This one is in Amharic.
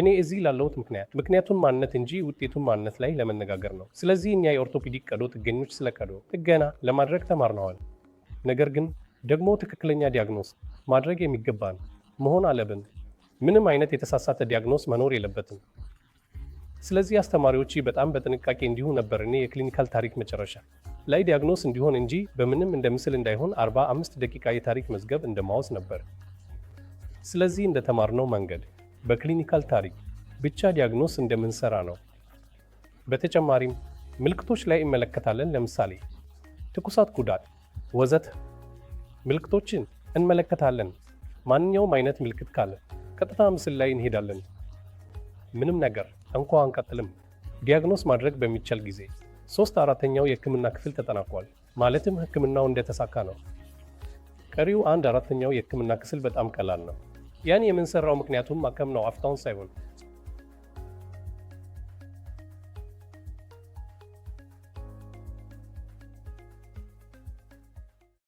እኔ እዚህ ላለሁት ምክንያት ምክንያቱን ማንነት እንጂ ውጤቱን ማንነት ላይ ለመነጋገር ነው። ስለዚህ እኛ የኦርቶፔዲክ ቀዶ ጥገኞች ስለ ቀዶ ጥገና ለማድረግ ተማርነዋል። ነገር ግን ደግሞ ትክክለኛ ዲያግኖስ ማድረግ የሚገባን መሆን አለብን። ምንም አይነት የተሳሳተ ዲያግኖስ መኖር የለበትም። ስለዚህ አስተማሪዎች በጣም በጥንቃቄ እንዲሁ ነበር። እኔ የክሊኒካል ታሪክ መጨረሻ ላይ ዲያግኖስ እንዲሆን እንጂ በምንም እንደ ምስል እንዳይሆን 45 ደቂቃ የታሪክ መዝገብ እንደማወስ ነበር። ስለዚህ እንደተማርነው መንገድ በክሊኒካል ታሪክ ብቻ ዲያግኖስ እንደምንሰራ ነው። በተጨማሪም ምልክቶች ላይ እንመለከታለን። ለምሳሌ ትኩሳት፣ ጉዳት፣ ወዘተ ምልክቶችን እንመለከታለን። ማንኛውም አይነት ምልክት ካለ ቀጥታ ምስል ላይ እንሄዳለን። ምንም ነገር እንኳ አንቀጥልም። ዲያግኖስ ማድረግ በሚቻል ጊዜ ሶስት አራተኛው የህክምና ክፍል ተጠናቋል። ማለትም ህክምናው እንደተሳካ ነው። ቀሪው አንድ አራተኛው የህክምና ክፍል በጣም ቀላል ነው። ያን የምንሰራው ምክንያቱም ማከም ነው፣ አፍታውን ሳይሆን